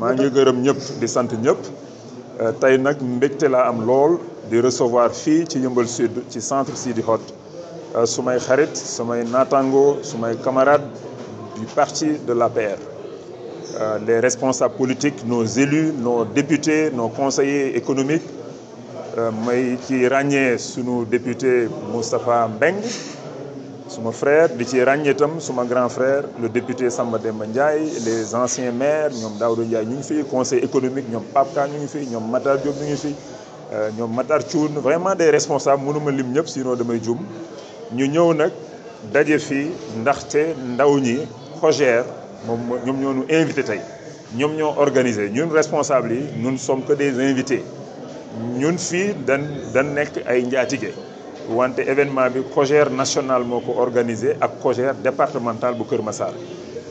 maa ngi gërëm ñëpp di sant ñëpp euh, tey nag mbégte laa am lool di recevoir fii ci Yeumbeul Sud ci centre Sidi Hott euh, su may xarit sumay naataango sumay camarade du parti de l'APR euh, les responsables politiques no élus no députés nos conseillers économique may ci ràññee sunu député Moustapha Mbeng suma frère di ci ràññee itam suma grand frère le député Samba Demba Ndiaye les anciens maires ñoom Daouda Ndiaye ñu ngi fi conseil économique ñoom Pape ñu ngi fi ñoom Matar Diop ñu ngi fi euh, ñoom Matar Thioune vraiment des responsables mënuma lim ñëpp sinon damay jum ñu ñëw nag daje fii ndaxte ndaw ñi Cogère moom ñoom ñoo ñu invité tey ñoom ñoo organisé ñun responsables yi ñun sommes que des invité ñun fii dan dan nekk ay njaatige wante événement bi COJER national moo ko organisé ak COJER départemental bu Kër Massar.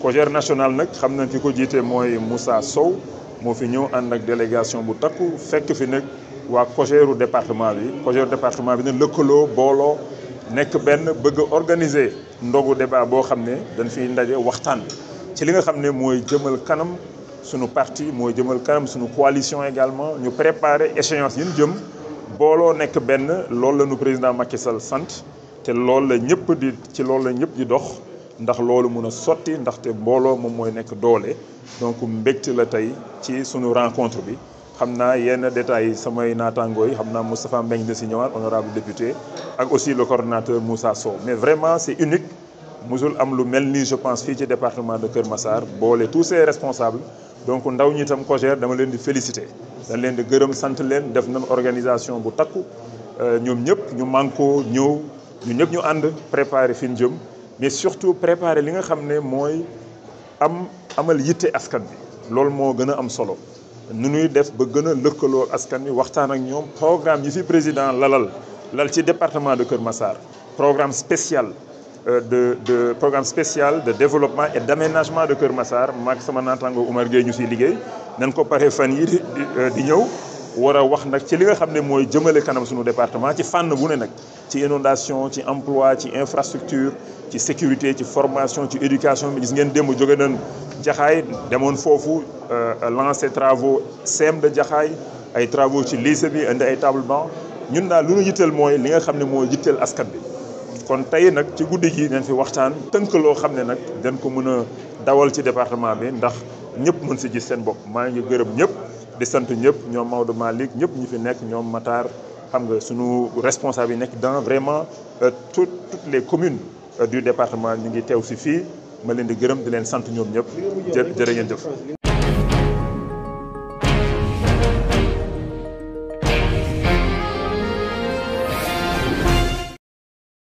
COJER national nag xam nañ fi ko jiite mooy Moussa Sow moo fi ñëw ànd ak délégation bu takku fekk fi nag waa COJERu département bi COJER département bi nag lëkkaloo booloo nekk benn bëgg a organiser ndogu débat boo xam ne dañ fiy ndaje waxtaan ci li nga xam ne mooy jëmal kanam sunu partie mooy jëmal kanam sunu coalition également ñu préparer échéance yi ñu jëm. booloo nekk benn loolu la nu président Macky Sall sant te lool la ñëpp di ci loolu la ñëpp di dox ndax loolu mun a sotti ndaxte mbooloo moom mooy nekk doole donc mbégte la tey ci sunu rencontre bi xam naa yenn détails yi samay naataangoo yi xam naa Moustapha Mbengue na si ñëwaat honorable député ak aussi le coordonnateur Moussa Sow mais vraiment c'est unique musul am lu mel nii je pense fii ci département de Kër Massar boole tous ces responsables donc ndaw ñi itam COJER dama leen di féliciter dañ leen di gërëm sant leen def nañ organisation bu takku euh, ñoom ñëpp ñu mànkoo ñëw ñu ñëpp ñu ànd préparer fi ñu jëm mais surtout préparer li nga xam ne mooy am amal yitte askan bi loolu moo gën a am solo nu ñuy def ba gën a lëkkaloo askan bi waxtaan ak ñoom programme yi fi président lalal lal ci département de Kër Massar programme spécial Euh, de de programme spécial de développement et d'aménagement de Kër Massar maak sama naataango Oumar Gueye ñu si liggéey nan ko paree fan yi di di euh, ñëw war wax nag ci li nga xam ne mooy jëmale kanam suñu département ci fànn bu ne nag ci inondation ci emploi ci infrastructure ci sécurité ci formation ci éducation bi gis ngeen démb jóge nañ jaxaay demoon foofu euh, lancer travaux CEM de jaxaay ay travaux ci lycée bi indi ay table banc ñun daal lu ñu yitteel mooy li nga xam ne mooy yitteel askan bi kon tey nag ci guddi gi dañ fi waxtaan tënk loo xam ne nag dañ ko mën a dawal ci département bi ndax ñëpp mën si gis seen bopp maa ngi gërëm ñëpp di sant ñëpp ñoom Maodo Malick ñëpp ñu fi nekk ñoom Matar xam nga suñu responsable yi nekk dans vraiment euh, tout toutes les communes euh, du département ñu ngi teew si fii ma leen di gërëm di leen sant ñoom ñëpp jë jërë ngeen jëf